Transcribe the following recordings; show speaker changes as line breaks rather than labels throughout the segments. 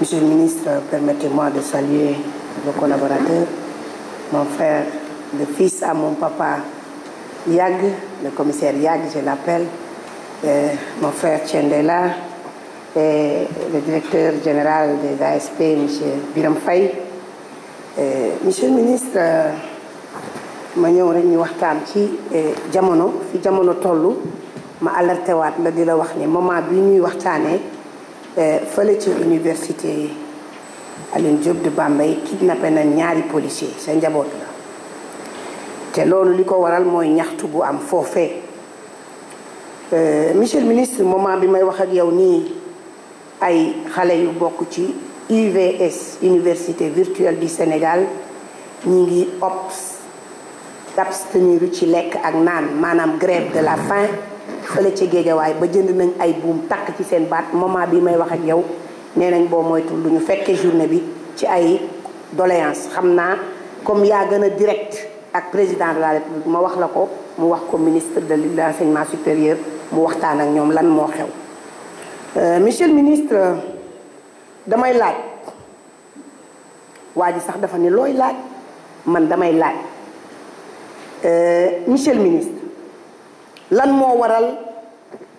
Monsieur le ministre, permettez-moi de saluer vos collaborateurs. mon frère, le fils à mon papa Yag, le commissaire Yag, je l'appelle, euh, mon frère Tchendela, et le directeur général de l'ASP, M. Biram Faye. Euh, monsieur le ministre, ma ñëw rek waxtaan ci euh, jamono fi jamono ma alerté la di la Eh, fële ci université Alioune Diop de Bambey kidnappé na ñaari policier sa njaboot la te loolu li ko waral mooy ñaxtu bu am foofee eh, monsieur le ministre moment bi may wax ak yow nii ay xale yu bokk ci UVS université virtuelle du Sénégal ñi ngi obs abstenir ci lekk ak naan maanaam grève de la faim fële ca waaye ba jënd nañ ay buum takk ci seen baat moment bi may wax ak yow nee nañ boo moytul lu ñu fekkee journée bi ci ay doléance xam naa comme yaa gën a direct ak président de la république ma wax la ko mu wax ko ministre de l'enseignement supérieur mu waxtaan ak ñoom lan moo xew euh, monsieur le ministre damay laaj waa ji sax dafa ni looy laaj man damay laaj euh, monsieur le ministre lan mo waral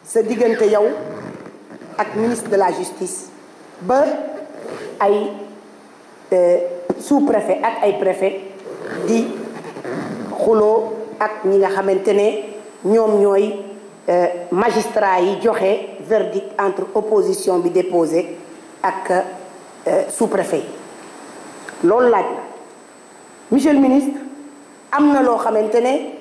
sa ministre de la justice ba ay euh, sous-préfet ak ay préfet di xulo ak ñi nga euh, magistrat yi verdict entre opposition bi déposé ak euh, sous-préfet lool monsieur le ministre amna lo xamantene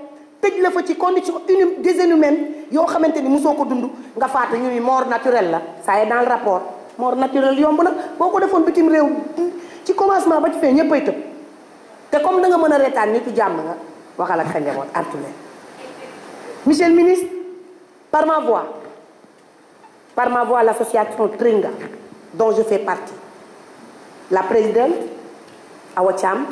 tëj la fa ci condition inhumaine déshumaine yoo xamante ni mosoo ko dund nga faatu ñu ni mort naturelle la ça est dans le rapport mort naturelle yomb na boo ko defoon bitim réew ci commencement ba ci fee ñëppay tëb te comme da nga mën a reetaan nitu jàmm nga waxal ak sa njaboot artule monsieur le ministre par ma voix par ma voix l'association Tringa dont je fais partie la présidente Awa Thiam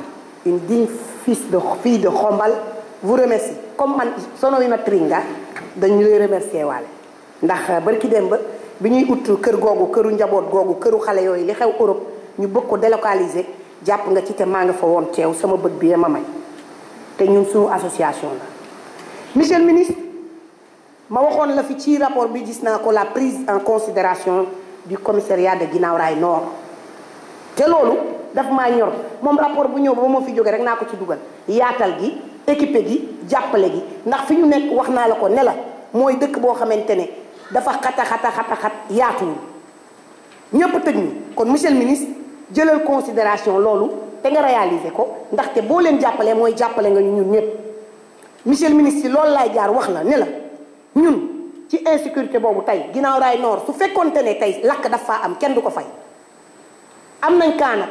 une digne fils de fille de Khombal vous remercie comme man sono wi Tringa dañu lay remercier walé. ndax euh, barki bi ñuy kër gogou, gogou, xalé yoy li xew Europe ñu délocaliser nga ci nga ma association monsieur le ministre ma la fi ci rapport bi ko prise en considération du commissariat de Guinaw Rail Nord Té daf ñor rapport équipé gi jàppale gi ndax fi ñu nekk wax naa la ko ne mooy dëkk boo xamante ne dafa xata xata xata xat yaatuwul ñëpp tëj ñu kon monsieur le ministre jëlal considération loolu te nga réaliser ko ndaxte boo leen jàppalee mooy jàppale nga ñun ñëpp monsieur le ministre si loolu laay jaar wax la ne la ñun ci insécurité boobu tey ginnaaw raay noor su fekkoonte ne tey lakk dafa am kenn du ko fay am nañ kaa nag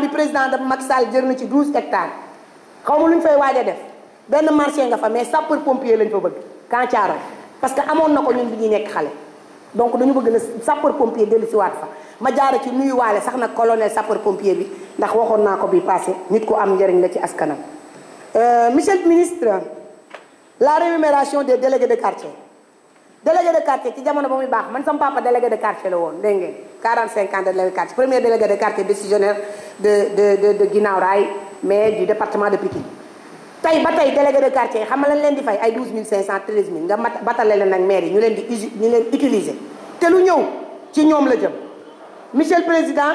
bi président de Macky Sall jël na ci douze hectares xaw ma lu fay waaj def ben marché nga fa mais sapeur pompier lañ fa bëgg Camp tiara parce que amon nako ñun bi ñuy nekk xale donc dañu bëgg na sapeur pompier ci wat fa ma jaara ci nuyu walé sax nag colonel sapeur pompier bi ndax waxon nako bi passé nit ko am njëriñ la ci askanam euh monsieur le ministre la rémunération des délégués de quartier délégué de quartier ci jamono ba muy bax man sama papa délégué de quartier la woon dégg ngeen 45 ans de délégué de quartier premier délégué de quartier décisionnaire de de de de Guinaw Rail mais du département de Pikine tay ba délégué de quartier xam di fay ay nga batale maire utiliser monsieur le président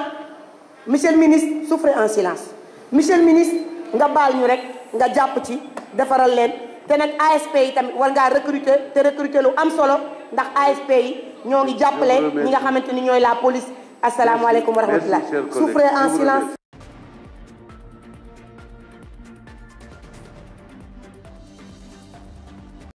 Michel le ministre souffrez en silence Michel le ministre nga baal ñu rek nga jàpp ci defaral leen te recruter te recruter lu am solo ndax ASP yi la police wa rahmatullah souffrez en silence